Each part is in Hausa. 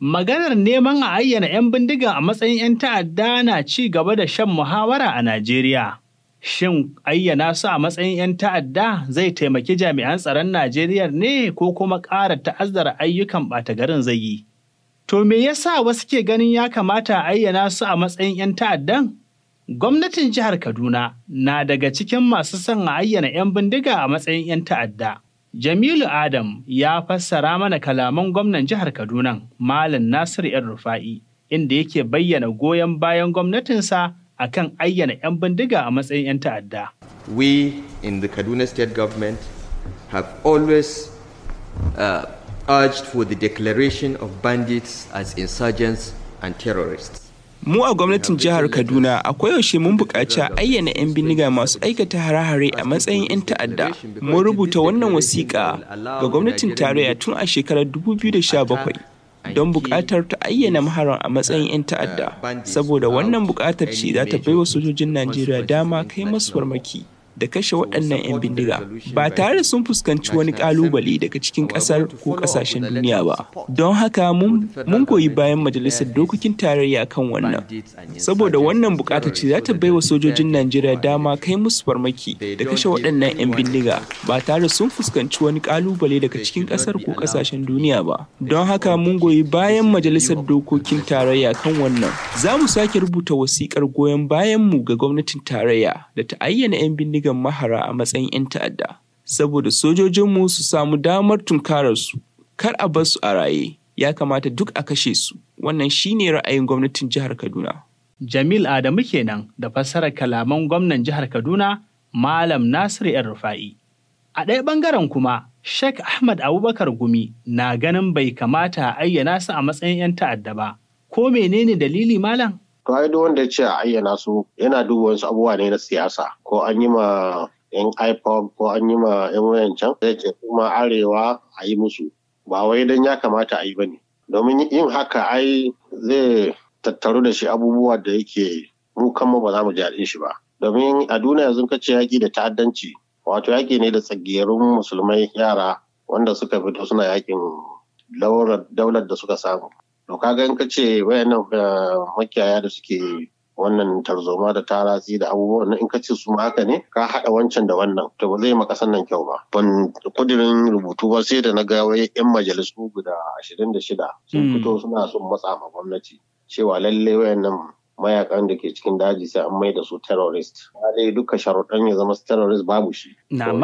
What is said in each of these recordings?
Maganar neman a ayyana 'yan bindiga a matsayin 'yan ta'adda na ci gaba da shan muhawara a Najeriya. Shin ayyana su a matsayin 'yan ta'adda zai taimaki jami'an tsaron Najeriya ne ko kuma ƙara ta'azzara ayyukan ɓata garin zai yi? To me yasa wasu ke ganin ya kamata a ayyana su a matsayin 'yan ta'addan? Gwamnatin jihar Kaduna na daga cikin masu son a ayyana 'yan bindiga a matsayin 'yan ta'adda. Jamilu Adam ya fassara mana kalaman gwamnan jihar Kaduna, Malam Nasiru ‘yan Rufa'i, inda yake bayyana goyon bayan gwamnatinsa a kan ayyana 'yan bindiga a matsayin 'yan ta'adda. We in the Kaduna State Government have always uh, urged for the declaration of bandits as insurgents and terrorists. Mu a gwamnatin jihar Kaduna akwai yaushe mun buƙaci ayyana 'yan biniga masu aikata hare-hare a matsayin 'yan ta'adda. Mun rubuta wannan wasiƙa ga gwamnatin tarayya tun a shekarar 2017. don buƙatar ta ayyana maharan a matsayin 'yan ta'adda saboda wannan buƙatar ce za ta bai wa sojojin najeriya dama kai masu farmaki da kashe waɗannan 'yan bindiga ba tare da sun fuskanci wani ƙalubale daga cikin ƙasar ko ƙasashen duniya ba don haka mun goyi bayan majalisar dokokin tarayya kan wannan saboda wannan bukata ce za ta baiwa sojojin najeriya dama kai musu farmaki da kashe waɗannan 'yan bindiga ba tare da sun fuskanci wani ƙalubale daga cikin ƙasar ko ƙasashen duniya ba don haka mun goyi bayan majalisar dokokin tarayya kan wannan za mu sake rubuta wasiƙar goyon bayanmu ga gwamnatin tarayya da ta ayyana 'yan bindiga bindigan mahara a matsayin 'yan ta'adda saboda sojojinmu su samu damar tunkararsu, kar a bar su a raye ya kamata duk a kashe su wannan shine ra'ayin gwamnatin jihar kaduna jamil adamu kenan da fassarar kalaman gwamnan jihar kaduna malam nasiru yan rufa'i a ɗaya ɓangaren kuma sheikh ahmad abubakar gumi na ganin bai kamata a ayyana su a matsayin 'yan ta'adda ba ko menene dalili malam To ai wanda ya ce a ayyana su yana duba wasu abubuwa ne na siyasa ko an yi ma yan IPOB ko an yi ma yan can zai ce kuma arewa a yi musu ba wai don ya kamata a yi ba ne. Domin yin haka ai zai tattaru da shi abubuwa da yake mu kanmu ba za mu ji shi ba. Domin a duniya yanzu ka ce yaƙi da ta'addanci wato yaƙi ne da tsaggerun musulmai yara wanda suka fito suna yaƙin daular da suka samu. to ka in ka ce wayannan eh, makiyaya da suke wannan tarzoma da taratsi da abubuwan in ka ce su ma haka ne ka haɗa wancan da wannan to ba zai ma ƙasar nan kyau ba ban kudirin rubutu ba sai da na ga wai yan majalisu guda ashirin da shida sun hmm. fito suna son matsa ma gwamnati cewa lalle wayannan mayakan da ke cikin daji sai an mai da su terrorist. Dai duka sharuɗan ya zama terrorist babu shi. Na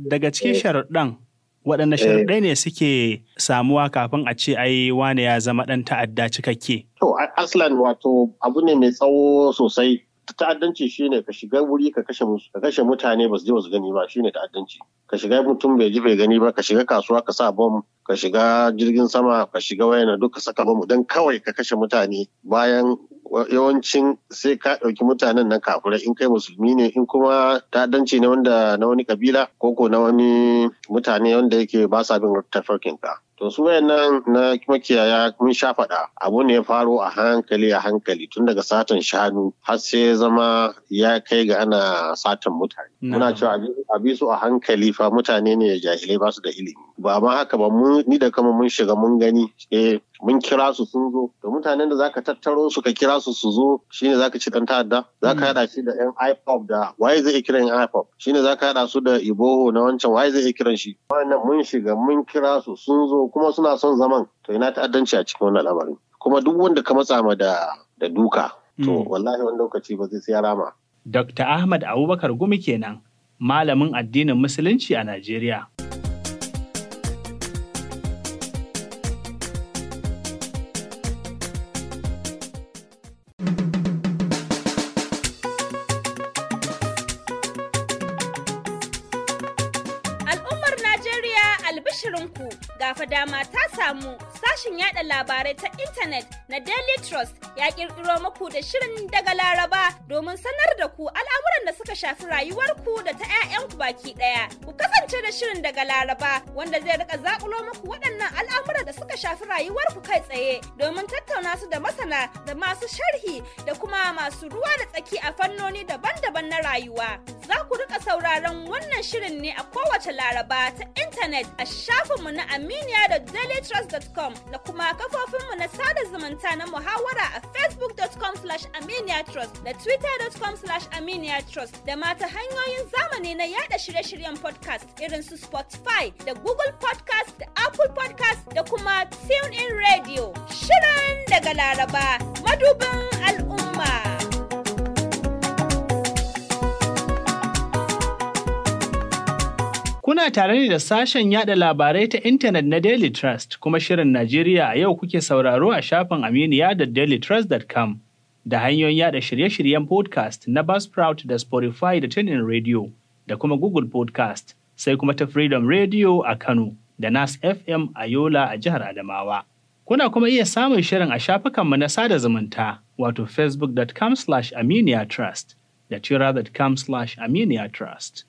daga cikin eh. sharuɗan waɗanne eh. sharuɗai ne suke samuwa kafin a ce ai wane ya zama ɗan ta'adda cikakke? To, aslan wato abu ne mai tsawo sosai. Ta'addanci shi ne ka shiga wuri ka kashe ka mutane ba su je ba su gani ba shi ne ta'addanci. Ka shiga mutum bai ji bai gani ba ka shiga kasuwa ka sa bom ka shiga jirgin sama ka shiga wayana duk ka saka bom don kawai ka kashe mutane bayan yawancin sai ka ɗauki mutanen na kafura in kai musulmi ne in kuma danci ne wanda na wani kabila ko ko na wani mutane wanda yake ba sa bin tafarkin ka To su nan na makiyaya mun sha faɗa abu ne ya faro a hankali a hankali tun daga satan shanu har sai zama ya kai ga ana satan mutane. Muna cewa a bi su a hankali fa mutane ne ya jahilai ba su da ilimi. Ba ma haka ba mu ni da kama mun shiga mun gani eh mun kira su sun zo da mutanen da zaka tattaro su ka kira su su zo shine zaka ci dan ta'adda zaka hada hmm. shi da yan ipop da why zai kira yan ipop shine zaka hada su da iboho na wancan why zai kira shi wannan mun shiga mun kira su sun zo kuma suna son zaman to ina ta'addanci a cikin wannan al'amarin kuma duk wanda ka matsa ma da da duka to hmm. wallahi wani lokaci ba zai sai rama Dr. Ahmad Abubakar Gumi kenan malamin addinin musulunci a Najeriya albishirinku gafa dama ta samu sashin yada labarai ta intanet na Daily Trust ya kirkiro muku da shirin daga Laraba domin sanar da ku al'amuran da suka shafi rayuwarku da ta 'ya'yanku baki daya. Ku kasance da shirin daga Laraba wanda zai rika zakulo muku waɗannan al'amuran da suka shafi rayuwarku kai tsaye domin tattauna su da masana da masu sharhi da kuma masu ruwa da tsaki a fannoni daban-daban na rayuwa. Za ku rika sauraron wannan shirin ne a kowace laraba ta intanet a shafinmu na aminiya da dailytrust.com da kuma kafofinmu na sada zumunta na muhawara a facebook.com slash aminiyatrust da twitter.com slash aminiyatrust da mata hanyoyin zamani na yada shirye-shiryen podcast irin su Spotify da Google podcast da Apple podcast da kuma tune in Radio. Shirin daga laraba madubin al'umma. Kuna tare ne da sashen yada labarai ta intanet na Daily Trust kuma Shirin Najeriya a yau kuke sauraro a shafin Aminiya da dailytrust.com da hanyoyin yada shirye-shiryen podcast na Buzzsprout da Spotify da TuneIn Radio da kuma Google Podcast sai kuma ta Freedom Radio a Kano da Nas FM a Yola a jihar Adamawa. Kuna kuma iya samun shirin a shafukanmu na sada zumunta wato facebook.com/aminiya da twittercom aminiatrust trust.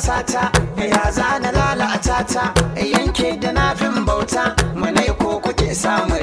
sata ya zana lalata ta yanke da nafin bauta mana ko kuke samu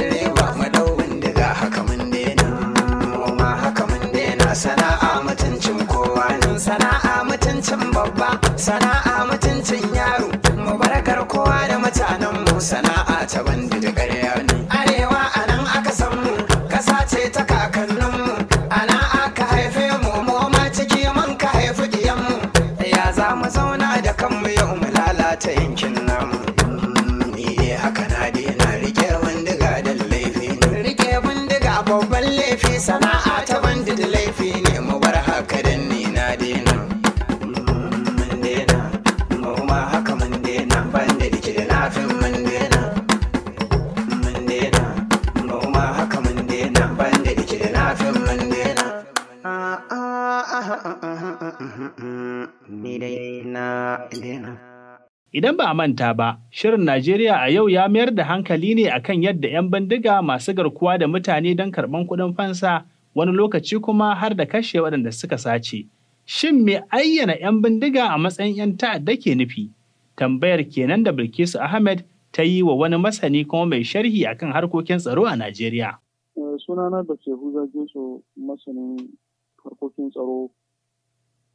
Idan ba a manta ba, Shirin Najeriya a yau ya mayar da hankali ne a kan yadda 'yan bindiga masu garkuwa da mutane don karɓan kuɗin fansa wani lokaci kuma har da kashe waɗanda suka sace. Shin mai ayyana 'yan bindiga a matsayin 'yan ta'adda ke nufi? Tambayar kenan da Bilkisu Ahmed ta yi wa wani masani kuma mai sharhi a kan harkokin tsaro a Najeriya. Eh, sunana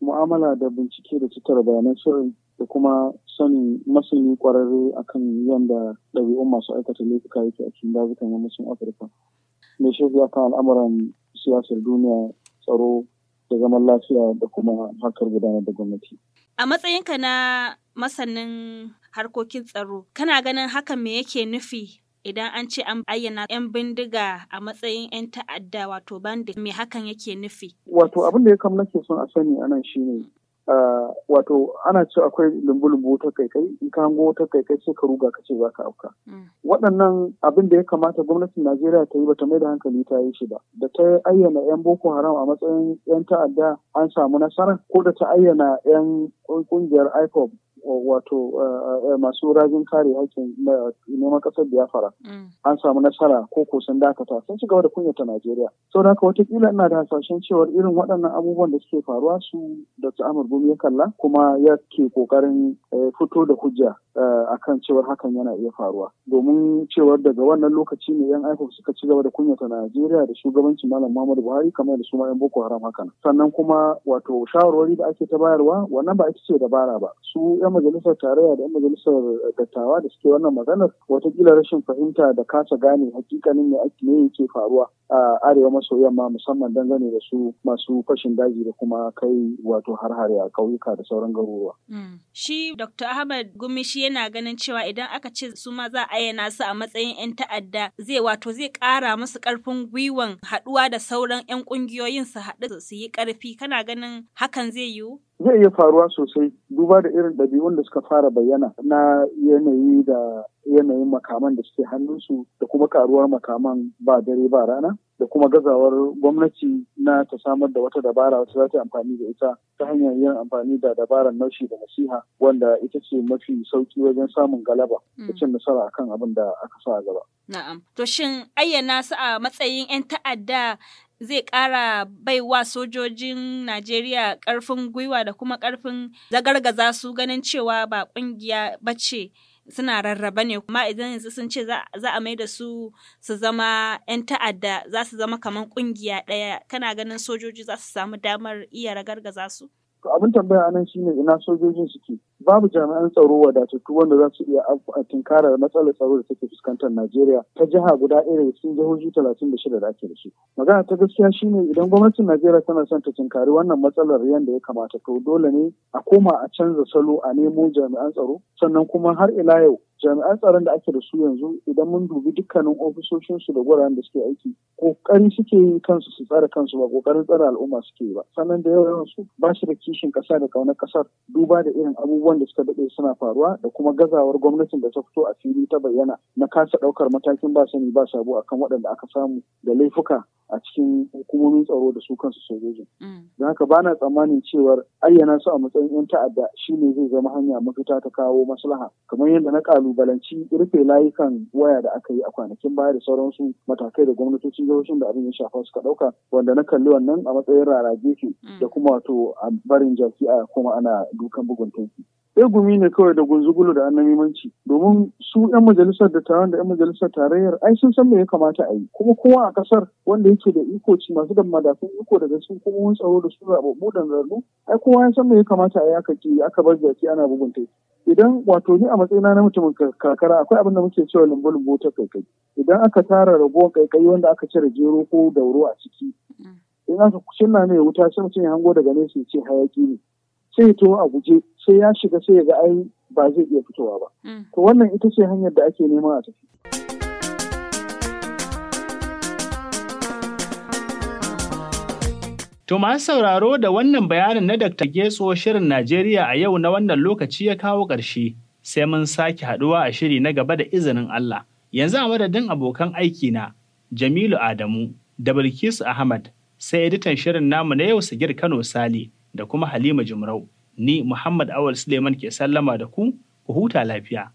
mu'amala da bincike da tattara bayanan sirri da kuma sanin masani kwararre akan yadda ɗabi'un masu aikata laifuka yake a cikin dazukan yammacin afirka mai shirya kan al'amuran siyasar duniya tsaro da zaman lafiya da kuma harkar gudanar da gwamnati a matsayinka na masanin harkokin tsaro kana ganin hakan me yake nufi idan an ce an ayyana 'yan bindiga a matsayin 'yan ta'adda wato bandit me hakan yake nufi? Wato abin da ya kama nake son a sani a nan shine wato ana ce akwai lumbu-lumbu ta kaikai in ka hango ta kaikai sai ka ruga ka ce za ka auka. Hmm. Waɗannan abin da ya kamata gwamnatin Najeriya ta yi bata mai da hankali ta yi shi ba. Da ta ayyana 'yan Boko Haram a matsayin 'yan ta'adda an samu nasara ko da ta ayyana 'yan ƙungiyar IPOB wato eh, eh, masu rajin kare hakkin neman kasar biyafara. Mm. an samu nasara ko ko sun dakata sun ci gaba da kunyata Najeriya. Saboda haka watakila ina da hasashen cewar irin waɗannan abubuwan da suke faruwa su da Amur Gumi ya kalla kuma ya ke kokarin eh, fito da hujja akan cewar hakan yana iya faruwa. Domin cewar daga wannan lokaci ne yan aiko suka ci gaba da kunyata Najeriya da shugabancin Malam Muhammadu Buhari kamar da su ma yan Boko Haram hakan. Sannan kuma wato shawarwari da ake ta bayarwa wannan ba ita ce dabara ba. Su majalisar tarayya da 'yan majalisar dattawa da suke wannan maganar watakila rashin fahimta da kasa gane hakikanin ne ake ne yake faruwa a arewa maso yamma musamman dangane da su masu fashin daji da kuma kai wato har-hare a kauyuka da sauran garuruwa. Mm. Shi Dr. Ahmad Gumishi yana ganin cewa idan aka ce su ma za a ayyana su a matsayin 'yan ta'adda zai wato zai kara musu karfin gwiwan haduwa da sauran 'yan kungiyoyin su haɗu su yi karfi kana ganin hakan zai yiwu? zai iya faruwa sosai duba da irin ɗabi'un da suka fara bayyana na yanayi da yanayin makaman da suke hannunsu da kuma karuwar makaman ba dare ba rana da kuma gazawar gwamnati na ta samar da wata dabara wata za ta amfani da ita ta hanyar yin amfani da dabaran naushi da nasiha wanda ita ce mafi sauki wajen samun galaba da mm. cin nasara akan abin da aka sa gaba. Na'am. To shin ayyana su a matsayin 'yan ta'adda zai ƙara baiwa sojojin Najeriya karfin gwiwa da kuma ƙarfin zagargaza su ganin cewa ba ƙungiya ba ce suna rarraba ne kuma idan yanzu sun ce za a mai da su su zama 'yan ta'adda za su zama kamar ƙungiya ɗaya kana ganin sojoji za su samu damar iya ragargaza su? abin tambaya nan shine ina sojojin suke babu jami'an tsaro wadatattu wanda za su iya tunkara matsalar tsaro da take fuskantar Najeriya ta jiha guda ɗaya da cikin jihohi talatin da shida da ake da shi. Magana ta gaskiya shine idan gwamnatin Najeriya tana son ta tunkari wannan matsalar yadda ya kamata to dole ne a koma a canza salo a nemo jami'an tsaro sannan kuma har ila yau jami'an tsaron da ake da su yanzu idan mun dubi dukkanin ofisoshinsu da guraren da suke aiki kokarin suke yi kansu su tsara kansu ba kokarin tsara al'umma suke yi ba sannan da yawan su ba su da kishin kasa da kaunar kasar duba da irin abubuwan abubuwan da suka daɗe suna faruwa da kuma gazawar gwamnatin da ta fito a fili ta bayyana na kasa ɗaukar matakin ba sani ba sabo akan waɗanda aka samu da laifuka a cikin hukumomin tsaro da su kansu sojojin. Mm. Don haka ba na tsammanin cewar ayyana su a matsayin 'yan ta'adda shi ne zai zama hanya mafita ta kawo maslaha kamar yadda na kalubalanci rufe layukan waya da aka yi a kwanakin baya da sauransu matakai da gwamnatocin jihohin da abin ya shafa suka ɗauka wanda na kalli wannan a matsayin rara gefe mm. da kuma wato a barin jaki a kuma ana dukan bugun tanki. sai gumi ne kawai da gunzugulu da annamimanci domin su 'yan majalisar da taron da 'yan majalisar tarayyar ai sun san me ya kamata a yi kuma kowa a kasar wanda yake da iko ci masu da madafin iko daga sun hukumomin tsaro da su zababbu dangararru ai kowa ya san me ya kamata a yi aka ki aka bar zaki ana bugun ta idan wato ni a matsayina na mutumin kakara akwai abin da muke cewa lumbu-lumbu ta kaikai idan aka tara ragowar kaikai wanda aka cire jero ko dauro a ciki mm. in aka kusurna mai wuta sai mutum ya hango daga nesa ya ce hayaki ne sai ya tuwo a guje sai ya shiga sai ya ga ai ba zai iya fitowa ba. Mm. To wannan ita ce hanyar da ake nema a tafi. To masu sauraro da wannan bayanin na Dr. Getso Shirin Najeriya a yau na wannan lokaci ya kawo ƙarshe, sai mun sake haɗuwa a shiri na gaba da izinin Allah. Yanzu a madadin abokan aiki na Jamilu Adamu da Bilkisu Ahmad, sai editan shirin namu na yau Sigir Kano Sali. da kuma Halima Jumrau. Ni Muhammad Awal Suleiman ke sallama da ku, ku huta lafiya.